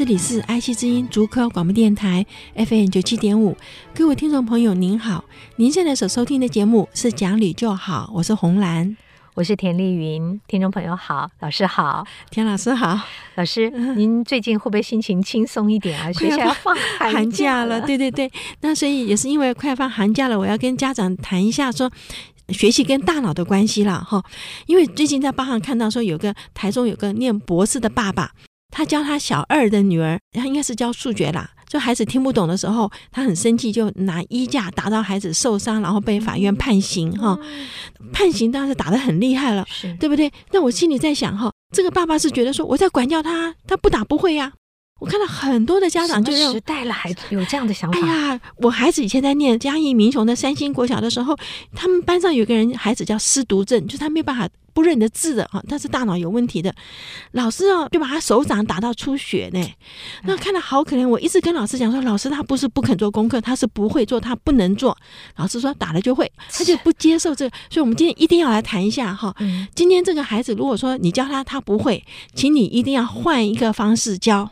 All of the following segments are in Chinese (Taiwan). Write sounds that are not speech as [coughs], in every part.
這裡是 IC 之音竹科廣播電台 FM 九七點五，各位聽眾朋友您好，您現在所收聽的節目是講理就好，我是洪蘭，我是田麗雲，聽眾朋友好，老師好，田老師好，老師您最近會不會心情輕鬆一點啊？而且 [laughs] 要放寒假, [laughs] 寒假了，對對對，那所以也是因為快放寒假了，我要跟家長談一下，說學習跟大腦的關係了哈，因為最近在報上看到說有個台中有個念博士的爸爸。他教他小二的女兒，他應該是教數學啦。就孩子聽不懂的時候，他很生氣，就拿衣架打到孩子受傷，然後被法院判刑哈、哦。判刑當時打得很厲害了，對不對？那我心裡在想哈，這個爸爸是覺得說我在管教他，他不打不會呀、啊。我看到很多的家長就是帶了，孩子有這樣的想法。哎呀，我孩子以前在念嘉義民雄的三星國小的時候，他們班上有個人孩子叫失讀症，就是他沒辦法不認得字的啊，但是大腦有問題的。老師啊、哦，就把他手掌打到出血呢。嗯、那看到好可憐，我一直跟老師講說，老師他不是不肯做功課，他是不會做，他不能做。老師說打了就會，他就不接受這個。所以，我們今天一定要來談一下哈、嗯。今天這個孩子，如果說你教他他不會，請你一定要換一個方式教。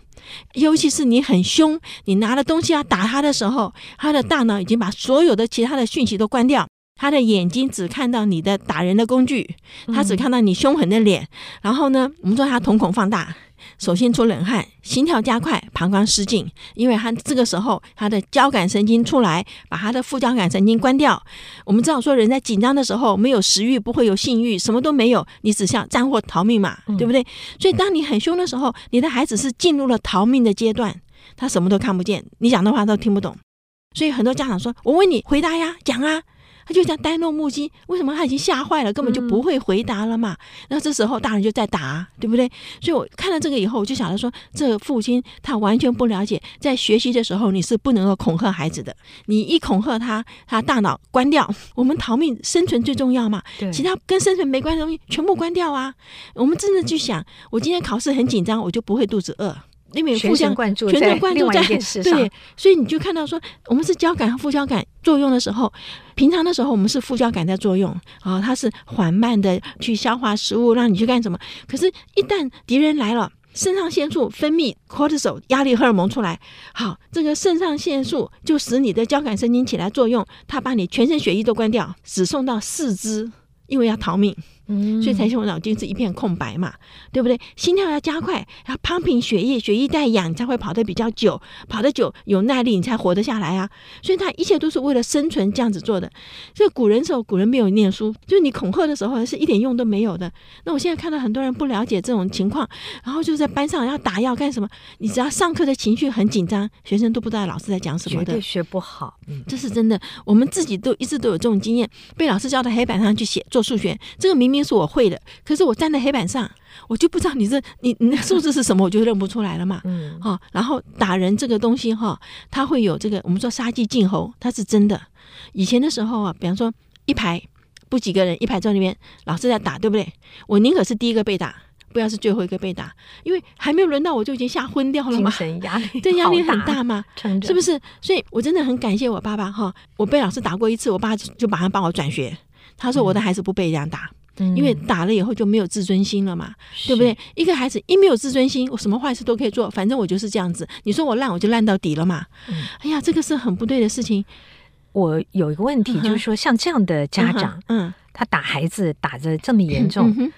尤其是你很兇，你拿了東西要打他的時候，他的大腦已經把所有的其他的訊息都關掉，他的眼睛只看到你的打人的工具，他只看到你兇狠的臉，嗯，然後呢，我們說他瞳孔放大。首先出冷汗，心跳加快，膀胱失禁，因為他這個時候他的交感神經出來，把他的副交感神經關掉。我們知道說，人在緊張的時候沒有食欲，不會有性欲，什麼都沒有，你只想戰或逃命嘛，對不對？嗯。所以當你很凶的時候，你的孩子是進入了逃命的階段，他什麼都看不見，你講的話他都聽不懂。所以很多家長說：“我問你，回答呀，講啊。”他就這樣呆若木雞，為什麼？他已經嚇壞了，根本就不會回答了嘛。嗯、那這時候大人就在打，對不對？所以我看了這個以後，我就想到說，這個、父親他完全不了解，在學習的時候你是不能夠恐嚇孩子的，你一恐嚇他，他大腦關掉，我們逃命生存最重要嘛，其他跟生存沒關係的東西全部關掉啊！我們真的去想，我今天考試很緊張，我就不會肚子餓，因為父親全神貫注全神貫注在另外一件事上。對，所以你就看到說，我們是交感和副交感。作用的時候，平常的時候我們是副交感在作用啊、哦，它是緩慢的去消化食物，讓你去幹什麼？可是，一旦敵人來了，腎上腺素分泌 Cortisol 壓力荷爾蒙出來，好，這個腎上腺素就使你的交感神經起來作用，它把你全身血液都關掉，只送到四肢，因為要逃命。嗯，所以才是我腦筋是一片空白嘛，對不對？心跳要加快，要 pump 血液，血液帶氧才會跑得比較久，跑得久有耐力，你才活得下來啊！所以他一切都是為了生存這樣子做的。所以古人時候，古人沒有念書，就是你恐嚇的時候是一點用都沒有的。那我現在看到很多人不了解這種情況，然後就是在班上要打藥幹什麼？你只要上課的情緒很緊張，學生都不知道老師在講什麼的，絕對學不好。這是真的。我們自己都一直都有這種經驗，被老師叫到黑板上去寫做數學，這個明明。是我會的，可是我站在黑板上，我就不知道你是你你的數字是什麼，我就認不出來了嘛。 [laughs] 嗯，然後打人這個東西哈，他會有這個，我們說殺雞儆猴，他是真的。以前的時候啊，比方說一排不幾個人一排在那邊，老師在打，對不對？我寧可是第一個被打，不要是最後一個被打，因為還沒有輪到我就已經嚇昏掉了嘛。精神壓力，這壓力很大嘛？是不是？所以，我真的很感謝我爸爸哈，我被老師打過一次，我爸就馬上幫我轉學，他說我的孩子不被這樣打。嗯因為打了以後就沒有自尊心了嘛，嗯、對不對？一個孩子一沒有自尊心，我什麼壞事都可以做，反正我就是這樣子。你說我爛，我就爛到底了嘛。嗯、哎呀，這個是很不對的事情。我有一個問題，嗯、就是說像這樣的家長，嗯，嗯，嗯，他打孩子打的這麼嚴重，嗯嗯，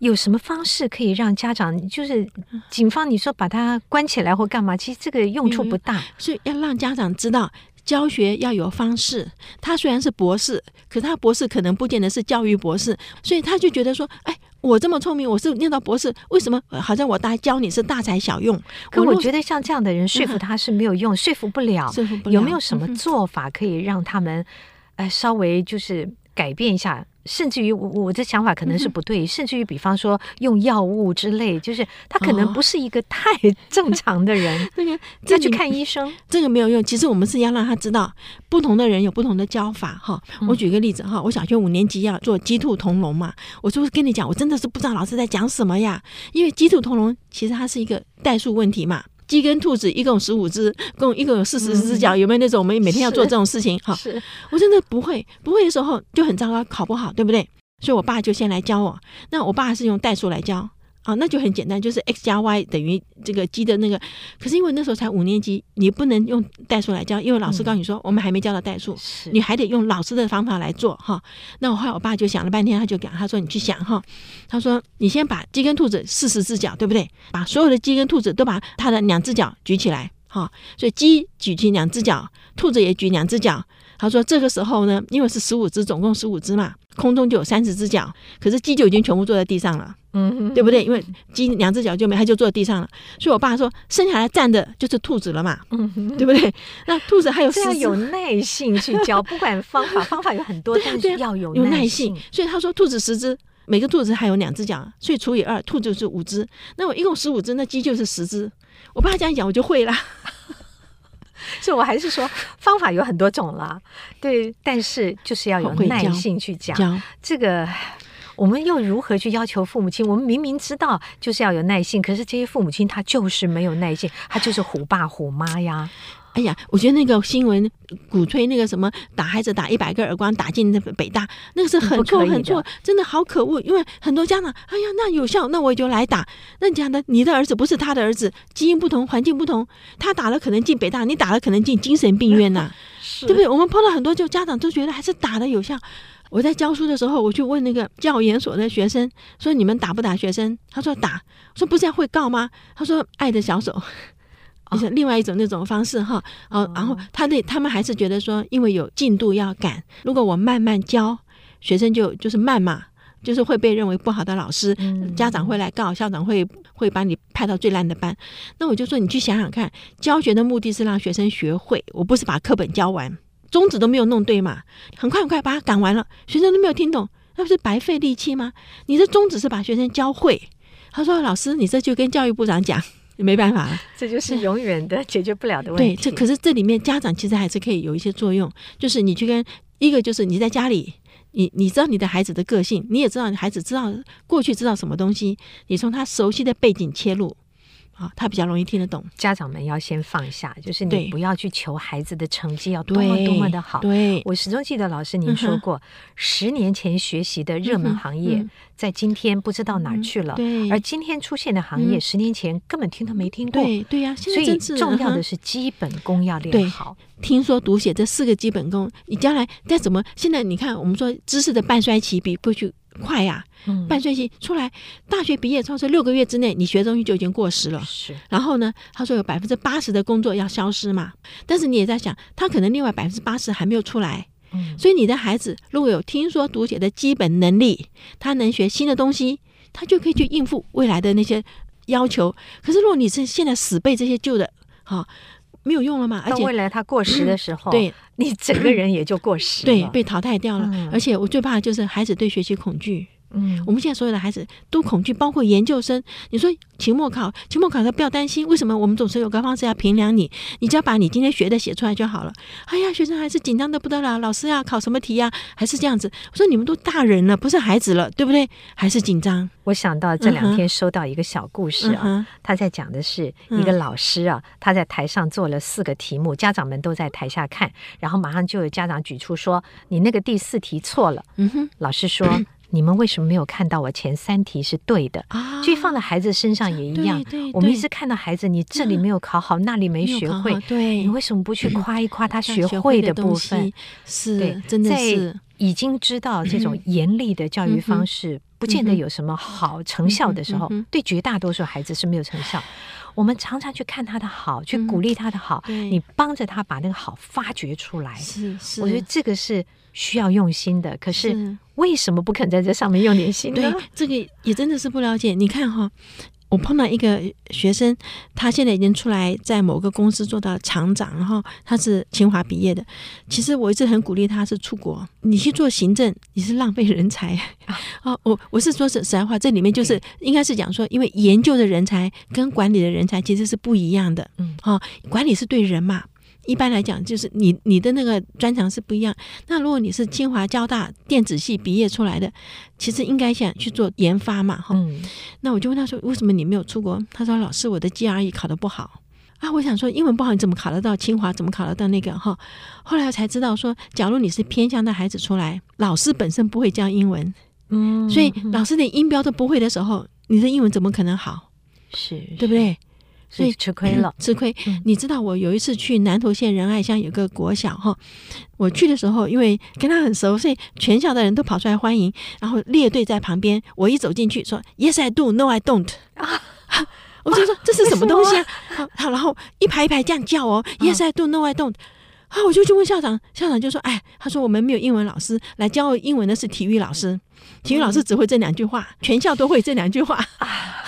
有什麼方式可以讓家長，就是警方你說把他關起來或幹嘛？其實這個用處不大，嗯嗯、所以要讓家長知道。教學要有方式。他雖然是博士，可他博士可能不見得是教育博士，所以他就覺得說：“哎，我這麼聰明，我是念到博士，為什麼、呃、好像我大教你是大材小用？”可我覺得像這樣的人、嗯、說服他是沒有用，說服不了。說服不了。有沒有什麼做法可以讓他們，嗯、呃，稍微就是改變一下？甚至於我我這想法可能是不對、嗯，甚至於比方說用藥物之類，就是他可能不是一個太正常的人，哦、 [laughs] 那個再去看醫生這，這個沒有用。其實我們是要讓他知道，不同的人有不同的教法哈。我舉個例子哈、嗯，我小學五年級要做雞兔同籠嘛，我是不是跟你講，我真的是不知道老師在講什麼呀，因為雞兔同籠其實它是一個代數問題嘛。雞跟兔子一共十五隻，共一共有四十隻腳，有沒有那種我們每天要做這種事情？哈、哦，我真的不會，不會的時候就很糟糕，考不好，對不對？所以我爸就先來教我，那我爸是用代數來教。啊、哦，那就很簡單，就是 x 加 y 等於這個雞的那個。可是因為那時候才五年級，你不能用代數來教，因為老師告訴你說、嗯、我們還沒教到代數，你還得用老師的方法來做哈。那我後來我爸就想了半天，他就講他說，你去想哈，他說，你先把雞跟兔子四十只腳，對不對？把所有的雞跟兔子都把它的兩只腳舉起來哈，所以雞舉起兩只腳，兔子也舉兩只腳。他說：“這個時候呢，因為是十五只，總共十五隻嘛，空中就有三十隻腳，可是雞就已經全部坐在地上了，嗯哼嗯，對不對？因為雞兩隻腳就沒，它就坐在地上了。所以，我爸說，剩下來站着就是兔子了嘛，嗯哼，對不對？那兔子還有十隻，這要有耐性去教，不管方法， [laughs] 方法有很多， [laughs] 但是要有耐、啊、有耐性。所以他說，兔子十隻，每個兔子還有兩隻腳，所以除以二，兔子就是五隻。那我一共十五隻，那雞就是十隻。我爸這樣講，我就會了。 [laughs] ”所以我還是說方法有很多種啦，對，但是就是要有耐性去講這個。我們又如何去要求父母親？我們明明知道就是要有耐性，可是這些父母親他就是沒有耐性，他就是虎爸虎媽呀。哎呀，我覺得那個新聞鼓吹那個什麼打孩子打一百個耳光打進那北大，那個是很錯很錯，真的好可惡。因為很多家長，哎呀，那有效，那我也就來打。那你講的你的兒子不是他的兒子，基因不同，環境不同，他打了可能進北大，你打了可能進精神病院吶、啊， [laughs] 對不對？我們碰到很多就家長都覺得還是打的有效。我在教書的時候，我去問那個教研所的學生說：“你們打不打學生？”他說：“打。”說：“不是要會告嗎？”他說：“愛的小手。”是另外一種那種方式哈，啊，然後他那他們還是覺得說，因為有進度要趕，如果我慢慢教，學生就就是慢嘛，就是會被認為不好的老師，家長會來告，校長會會把你派到最爛的班。那我就說，你去想想看，教學的目的是讓學生學會，我不是把課本教完，宗旨都沒有弄對嘛，很快很快把它趕完了，學生都沒有聽懂，那不是白費力氣嗎？你這宗旨是把學生教會。他說：“老師，你這就跟教育部長講。”沒辦法，這就是永遠的解決不了的問題。對，對這可是這裡面家長其實還是可以有一些作用，就是你去跟一個，就是你在家裡，你你知道你的孩子的個性，你也知道你孩子知道過去知道什麼東西，你從他熟悉的背景切入。啊，他比較容易聽得懂。家長們要先放下，就是你不要去求孩子的成績要多麼多麼的好。對，對我始終記得老師您說過，嗯、十年前學習的熱門行業，在今天不知道哪去了。嗯嗯、而今天出現的行業，嗯，十年前根本聽都沒聽過。對，對呀。現在，所以重要的是基本功要練好，嗯對。聽說讀寫這四個基本功，你將來再怎麼現在你看，我們說知識的半衰期比過去快呀、啊！半學期出來，大學畢業，超出六個月之內，你學東西就已經過時了。然後呢，他說有百分之八十的工作要消失嘛，但是你也在想，他可能另外百分之八十還沒有出來。所以你的孩子如果有聽說讀寫的基本能力，他能學新的東西，他就可以去應付未來的那些要求。可是，如果你是現在死背這些舊的，哈、啊。沒有用了嘛，而且到未來他過時的時候，嗯、對，你整個人也就過時了，對，被淘汰掉了。嗯、而且我最怕就是孩子對學習恐懼。嗯， [noise] 我們現在所有的孩子都恐懼，包括研究生。你說期末考，期末考，他不要擔心。為什麼？我們總是有個方式要評量你，你只要把你今天學的寫出來就好了。哎呀，學生還是緊張得不得了。老師呀，考什麼題呀？還是這樣子。我說你們都大人了，不是孩子了，對不對？還是緊張。我想到這兩天收到一個小故事啊，嗯嗯、他在講的是、嗯、一個老師啊，他在台上做了四個題目，家長們都在台下看，然後馬上就有家長舉出說你那個第四題錯了。嗯哼，老師說。 [coughs] 你們為什麼沒有看到我前三題是對的？啊，所以放在孩子身上也一樣。對對對。我們一直看到孩子，你這裡沒有考好，嗯、那裡沒學會沒。對。你為什麼不去誇一誇他學會的部分？嗯、對是，真的是在已經知道這種嚴厲的教育方式、嗯、不見得有什麼好成效的時候，嗯嗯、對絕大多數孩子是沒有成效、嗯。我們常常去看他的好，去鼓勵他的好，嗯、你幫着他把那個好發掘出來。是是，我覺得這個是。需要用心的，可是為什麼不肯在這上面用點心呢？對，這個也真的是不了解。你看哈、哦，我碰到一個學生，他現在已經出來在某個公司做到廠長，然後他是清華畢業的。其實我一直很鼓勵他是出國。你去做行政，你是浪費人才啊！哦、我我是說實在話，這裡面就是應該是講說，因為研究的人才跟管理的人才其實是不一樣的。嗯啊、哦，管理是對人嘛。一般來講，就是你你的那個專長是不一樣。那如果你是清華交大電子系畢業出來的，其實應該想去做研發嘛，哈、嗯。那我就問他說，為什麼你沒有出國？他說，老師，我的 GRE 考得不好啊。我想說，英文不好，你怎麼考得到清華？怎麼考得到那個哈？後來我才知道說，假如你是偏向的孩子出來，老師本身不會教英文，嗯，所以老師連音標都不會的時候，你的英文怎麼可能好？是對不對？所以吃虧了，嗯、吃虧。你知道我有一次去南投縣仁愛鄉有個國小哈，我去的時候，因為跟他很熟，所以全校的人都跑出來歡迎，然後列隊在旁邊。我一走進去，去，說 “Yes I do, No I don't”，、啊、我就說、啊、這是什麼東西啊？好，然後一排一排這樣叫哦 [laughs] “Yes I do, No I don't” 啊，我就去問校長，校長就說：“哎，他說我們沒有英文老師來教英文的是體育老師，體育老師只會這兩句話、嗯，全校都會這兩句話 [laughs]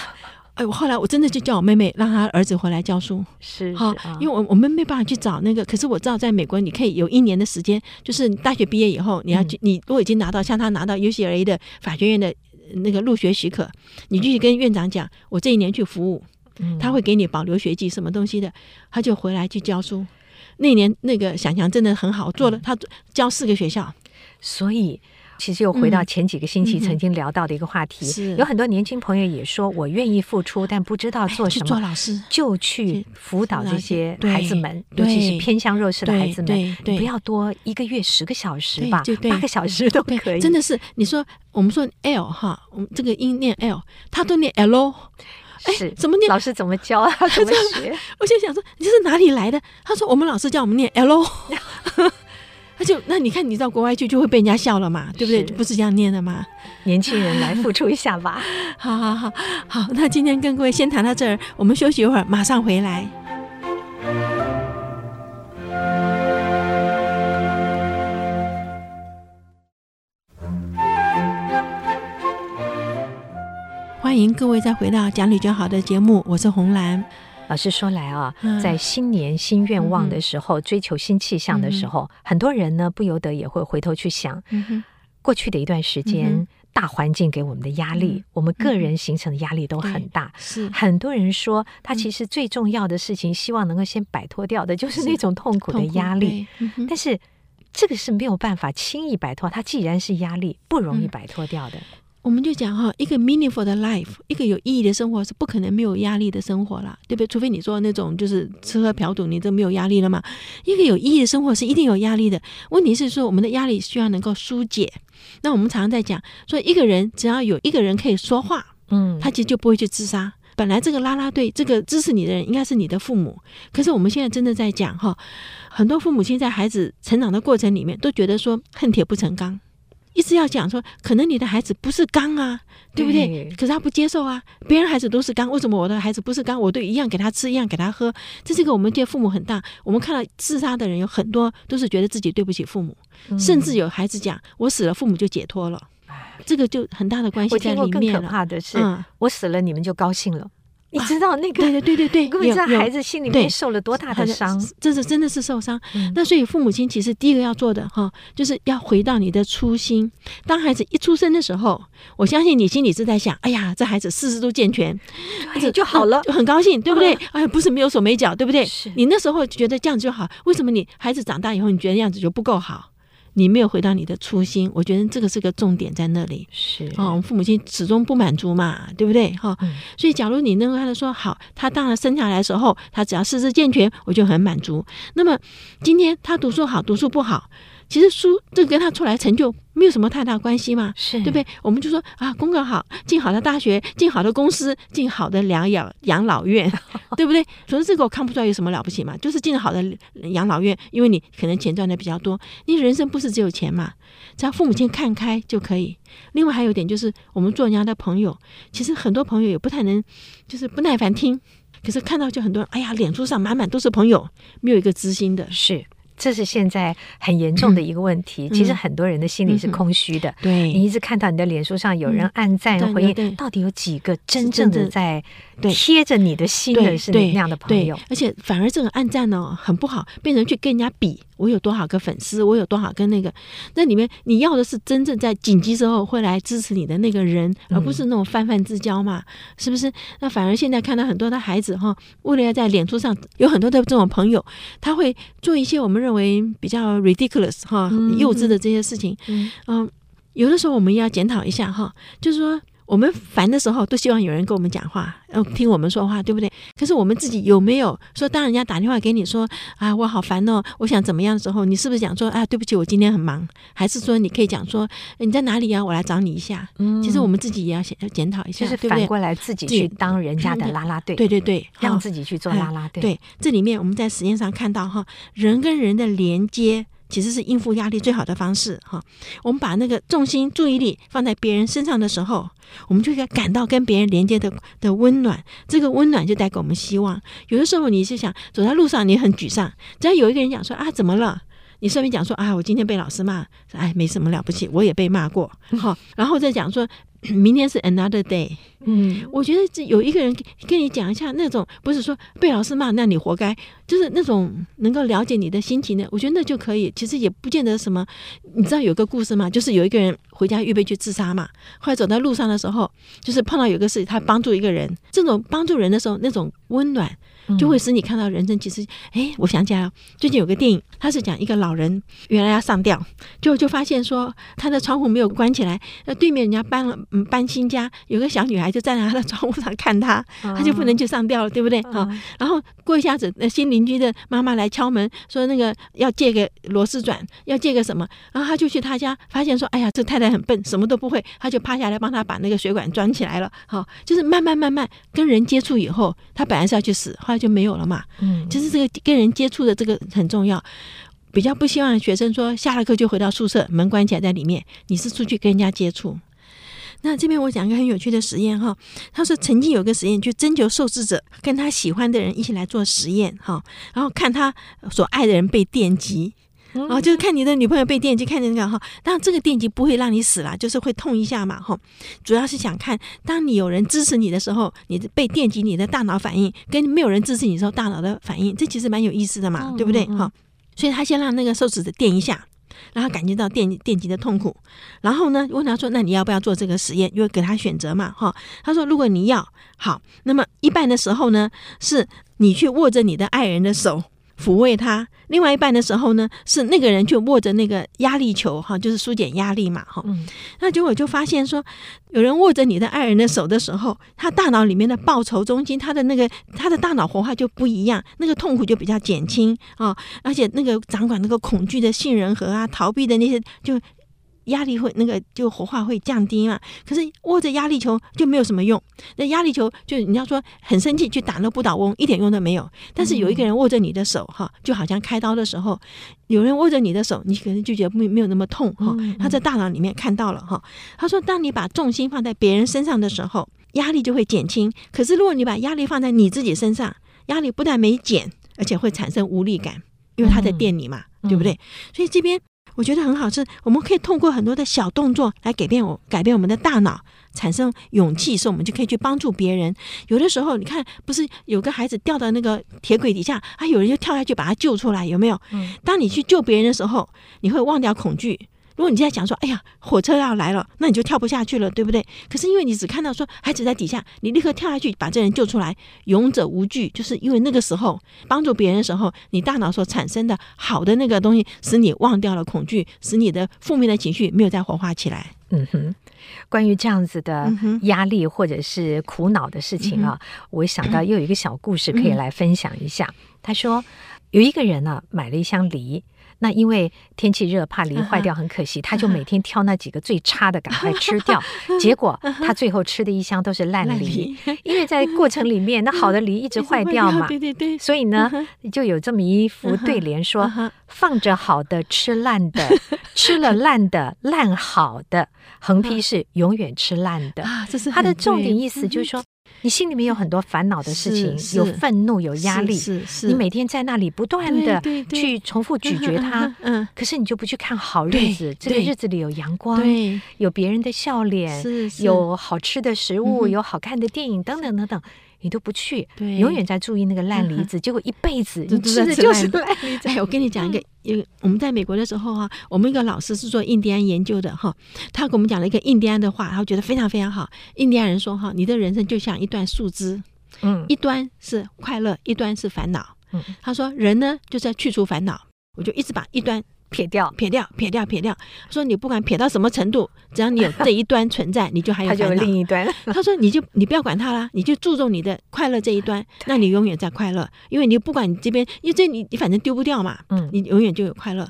哎，我後來我真的就叫我妹妹讓她兒子回來教書，是，是、啊，好，因為我我們沒辦法去找那個，可是我知道在美國你可以有一年的時間，就是大學畢業以後你要去。嗯、你如果已經拿到像他拿到 UCLA 的法學院的那個入學許可，你繼續跟院長講、嗯、我這一年去服務，他、嗯、會給你保留學籍什麼東西的，他就回來去教書。那一年那個想象真的很好做了，他教四個學校，嗯、所以。其實又回到前幾個星期曾經聊到的一個話題，嗯嗯嗯嗯，是有很多年輕朋友也說，我願意付出，但不知道做什麼，做老師就去輔導這些孩子們，去去尤其是偏向弱勢的孩子們，對對對，不要多，一個月十個小時吧，對對對對對，八個小時都可以。真的是，你說我們說 L 哈、啊，我們這個音念 L，他都念 L 哦。哎，怎麼念？老師怎麼教啊？他怎麼學、啊？我就想說，你這是哪裡來的？他說，我們老師叫我們念 L 哦。 [laughs] 就那你看，你到國外去就會被人家笑了嘛，對不對？不是這樣念的嘛，年輕人來付出一下吧。 [laughs] 好好好好，好，那今天跟各位先談到這兒，我們休息一會兒，馬上回來。歡迎各位再回到《講理就好》的節目，我是洪蘭。老師說來啊、嗯，在新年新願望的時候，嗯、追求新氣象的時候，嗯、很多人呢不由得也會回頭去想，嗯、過去的一段時間、嗯，大環境給我們的壓力、嗯，我們個人形成的壓力都很大。是、嗯、很多人說、嗯，他其實最重要的事情，嗯、希望能夠先擺脫掉的，就是那種痛苦的壓力。是但是、嗯、這個是沒有辦法輕易擺脫，它既然是壓力，不容易擺脫掉的。嗯我們就講哈，一個 meaningful 的 life，一個有意義的生活是不可能沒有壓力的生活了，對不對？除非你說那種就是吃喝嫖賭，你都沒有壓力了嘛？一個有意義的生活是一定有壓力的。問題是說，我們的壓力需要能夠疏解。那我們常常在講，說一個人只要有一個人可以說話，嗯，他其實就不會去自殺。本來這個啦啦隊，這個支持你的人應該是你的父母，可是我們現在真的在講哈，很多父母親在孩子成長的過程裡面都覺得說恨鐵不成鋼。一直要講說，可能你的孩子不是剛啊，對不對，對？可是他不接受啊，別人孩子都是剛，為什麼我的孩子不是剛？我都一樣給他吃，一樣給他喝。這是個我們對父母很大。我們看到自殺的人有很多，都是覺得自己對不起父母，嗯、甚至有孩子講：“我死了，父母就解脫了。”這個就很大的關係在裡面了。我聽過更可怕的是，嗯、我死了，你們就高興了。你知道、啊、那個？對對對對對，你可可知道孩子心裡面受了多大的傷？這是真的是受傷、嗯。那所以父母親其實第一個要做的哈，就是要回到你的初心。當孩子一出生的時候，我相信你心裡是在想：哎呀，這孩子四肢都健全，而且就好了、嗯，就很高興，對不對、嗯？哎，不是沒有手沒腳，對不對？你那時候覺得這樣子就好，為什麼你孩子長大以後你覺得這樣子就不夠好？你沒有回到你的初心，我覺得這個是個重點在那裡。是啊，哦、我們父母親始終不滿足嘛，對不對？哈、哦嗯，所以假如你認為他的說好，他當然生下來的時候，他只要四肢健全，我就很滿足。那麼今天他讀書好，讀書不好。其實書這跟他出來成就沒有什麼太大關係嘛，是對不對？我們就說啊，功課好，進好的大學，進好的公司，進好的療養養老院，對不對？所 [laughs] 以這個，我看不出來有什麼了不起嘛。就是進好的養老院，因為你可能錢賺的比較多。你人生不是只有錢嘛，只要父母親看開就可以。另外還有一點就是，我們做人家的朋友，其實很多朋友也不太能，就是不耐煩聽。可是看到就很多人，哎呀，臉書上滿滿都是朋友，沒有一個知心的，是。這是現在很嚴重的一個問題。嗯、其實很多人的心裡是空虛的。嗯嗯、對你一直看到你的臉書上有人按讚回應，嗯對對對，到底有幾個真正的在貼着你的心的是你那樣的朋友？而且反而這種按讚呢，哦，很不好，變成去跟人家比，我有多少個粉絲，我有多少個那個。那裡面你要的是真正在緊急時候會來支持你的那個人，而不是那種泛泛之交嘛，嗯？是不是？那反而現在看到很多的孩子哈，為了要在臉書上有很多的這種朋友，他會做一些我們。認為比較 ridiculous 哈、哦、幼稚的這些事情，嗯，嗯呃、有的時候我們要檢討一下哈、哦，就是說。我們煩的時候，都希望有人跟我們講話，要聽我們說話，對不對？可是我們自己有沒有說，當人家打電話給你說啊，我好煩哦，我想怎麼樣的時候，你是不是想說啊，對不起，我今天很忙？還是說你可以講說，你在哪裡呀、啊？我來找你一下。嗯，其實我們自己也要檢討一下，就是反過來自己去當人家的拉拉隊，對對對，對，對，哦，讓自己去做拉拉隊、嗯。對，這裡面我們在實驗上看到哈，人跟人的連接。其實是應付壓力最好的方式哈。我們把那個重心注意力放在別人身上的時候，我們就感到跟別人連接的的溫暖，這個溫暖就帶給我們希望。有的時候你是想走在路上，你很沮喪，只要有一個人講說啊，怎麼了？你順便講說啊，我今天被老師罵，哎，沒什麼了不起，我也被罵過哈， [laughs] 然後再講說。明天是 another day。嗯，我覺得這有一個人跟你講一下，那種不是說被老師罵，那你活該，就是那種能夠了解你的心情的，我覺得那就可以。其實也不見得什麼，你知道有個故事嗎？就是有一個人回家預備去自殺嘛，快走到路上的時候，就是碰到有個事，他幫助一個人。這種幫助人的時候，那種溫暖。就會使你看到人生，其實，哎，我想起來了，最近有個電影，他是講一個老人原來要上吊，就就發現說他的窗戶沒有關起來，那對面人家搬了、嗯、搬新家，有個小女孩就站在他的窗戶上看他，他就不能去上吊了，對不對啊、嗯？然後過一下子，那新鄰居的媽媽來敲門，說那個要借個螺絲轉，要借個什麼，然後他就去他家，發現說，哎呀，這太太很笨，什麼都不會，他就趴下來幫他把那個水管裝起來了。好，就是慢慢慢慢跟人接觸以後，他本來是要去死。那就沒有了嘛，嗯，就是這個跟人接觸的這個很重要，比較不希望學生說下了課就回到宿舍，門關起來在裡面，你是出去跟人家接觸。那這邊我講一個很有趣的實驗哈，他說曾經有個實驗，去徵求受試者跟他喜歡的人一起來做實驗哈，然後看他所愛的人被電擊。哦，就是看你的女朋友被電擊，看見那個哈，當然這個電擊不會讓你死了，就是會痛一下嘛哈、哦。主要是想看，當你有人支持你的時候，你被電擊，你的大腦反應跟沒有人支持你的時候大腦的反應，這其實蠻有意思的嘛，哦、對不對哈、哦哦？所以他先讓那個受試者電一下，然後感覺到電電擊的痛苦，然後呢問他說：“那你要不要做這個實驗？”因為給他選擇嘛哈、哦。他說：“如果你要好，那麼一半的時候呢，是你去握着你的愛人的手。”撫慰他，另外一半的時候呢，是那個人就握着那個壓力球哈，就是紓解壓力嘛哈、嗯。那結果就發現說，有人握着你的愛人的手的時候，他大腦裡面的報酬中心，他的那個他的大腦活化就不一樣，那個痛苦就比較減輕啊、哦，而且那個掌管那個恐懼的杏仁核啊，逃避的那些就。壓力會那個就活化會降低嘛，可是握着壓力球就沒有什麼用。那壓力球就你要說很生氣去打那不倒翁一點用都沒有。但是有一個人握着你的手哈，嗯嗯，就好像開刀的時候有人握着你的手，你可能就覺得沒沒有那麼痛哈、嗯嗯哦。他在大腦裡面看到了哈、哦，他說當你把重心放在別人身上的時候，壓力就會減輕。可是如果你把壓力放在你自己身上，壓力不但沒減，而且會產生無力感，因為他在電你嘛，嗯嗯對不對？所以這邊。我覺得很好吃。是我們可以通過很多的小動作來改變我，改變我們的大腦，產生勇氣，所以我們就可以去幫助別人。有的時候，你看，不是有個孩子掉到那個鐵軌底下，啊，有人就跳下去把他救出來，有沒有？當你去救別人的時候，你會忘掉恐懼。如果你現在講說，哎呀，火車要來了，那你就跳不下去了，對不對？可是因為你只看到說孩子在底下，你立刻跳下去把這人救出來，勇者無懼，就是因為那個時候幫助別人的時候，你大腦所產生的好的那個東西，使你忘掉了恐懼，使你的負面的情緒沒有再活化起來。嗯哼，關於這樣子的壓力或者是苦惱的事情啊，嗯、我想到又有一個小故事可以來分享一下。嗯嗯、他說，有一個人呢、啊，買了一箱梨。那因為天氣熱，怕梨壞掉，很可惜，他就每天挑那幾個最差的趕快吃掉。結果他最後吃的一箱都是爛梨，因為在過程裡面，那好的梨一直壞掉嘛。對對對。所以呢，就有這麼一副對聯說：放着好的吃爛的，吃了爛的爛好的，橫批是永遠吃爛的。他的重點意思，就是說，你心裡面有很多煩惱的事情，有憤怒，有壓力。你每天在那裡不斷的去重複咀嚼它，嗯嗯，可是你就不去看好日子，這個日子裡有陽光，有別人的笑臉，有好吃的食物，嗯，有好看的電影，等等等等。你都不去，永遠在注意那個爛梨子，嗯，結果一輩子，嗯，你吃的就是爛梨子。我跟你講一個，有、嗯，我們在美國的時候哈、啊，我們一個老師是做印第安研究的哈，他給我們講了一個印第安的話，他覺得非常非常好。印第安人說哈，你的人生就像一段樹枝，嗯，一端是快樂，一端是煩惱。嗯，他說人呢，就是要去除煩惱，我就一直把一端。撇掉，撇掉，撇掉，撇掉。說，你不管撇到什麼程度，只要你有這一端存在，你 [laughs] 就還有另一端。他說：“你就你不要管他啦，你就注重你的快樂這一端，那你永遠在快樂，因為你不管你這邊，因為這你你反正丟不掉嘛，嗯，你永遠就有快樂。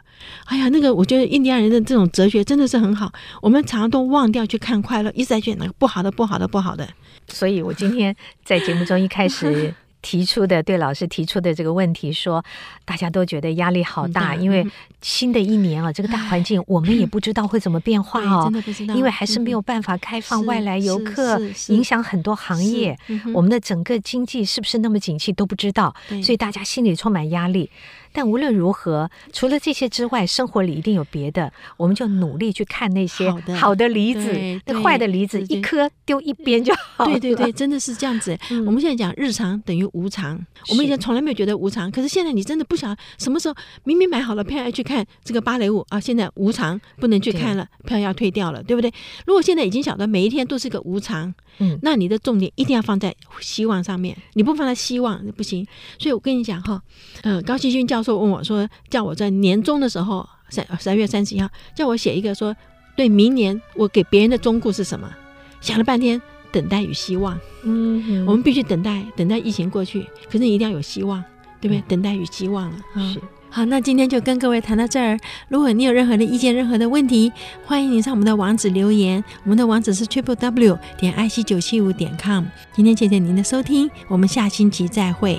哎呀，那個我覺得印第安人的這種哲學真的是很好，我們常常都忘掉去看快樂，一直在選那個不好的、不好的、不好的。所以我今天在節目中一開始。 [laughs] ”提出的對老師提出的這個問題說，大家都覺得壓力好大，嗯、因為新的一年啊，嗯、這個大環境我們也不知道會怎麼變化哦。真的不知道，因為還是沒有辦法開放外來遊客，影響很多行業，我們的整個經濟是不是那麼景氣都不知道，所以大家心裡充滿壓力。但無論如何，除了這些之外，生活裡一定有別的，我們就努力去看那些好的梨子，好的對對，那壞的梨子一顆丟一邊就好了。了，對對對，對，真的是這樣子，嗯。我們現在講日常等於無常，我們以前從來沒有覺得無常，可是現在你真的不想什麼時候明明買好了票要去看這個芭蕾舞啊，現在無常不能去看了，票要退掉了，對不對？如果現在已經曉得每一天都是個無常，嗯，那你的重點一定要放在希望上面，你不放在希望不行。所以我跟你講哈，嗯，高希均教授。說問我說，叫我在年終的時候三三月三十一號叫我寫一個說，對明年我給別人的忠告是什麼？想了半天，等待與希望嗯。嗯，我們必須等待，等待疫情過去。可是你一定要有希望，對不對？嗯、等待與希望了，嗯。是好，那今天就跟各位談到這兒。如果你有任何的意見、任何的問題，歡迎你上我們的網址留言。我們的網址是 triple W 點 I C 九七五點 com。今天謝謝您的收聽，我們下星期再會。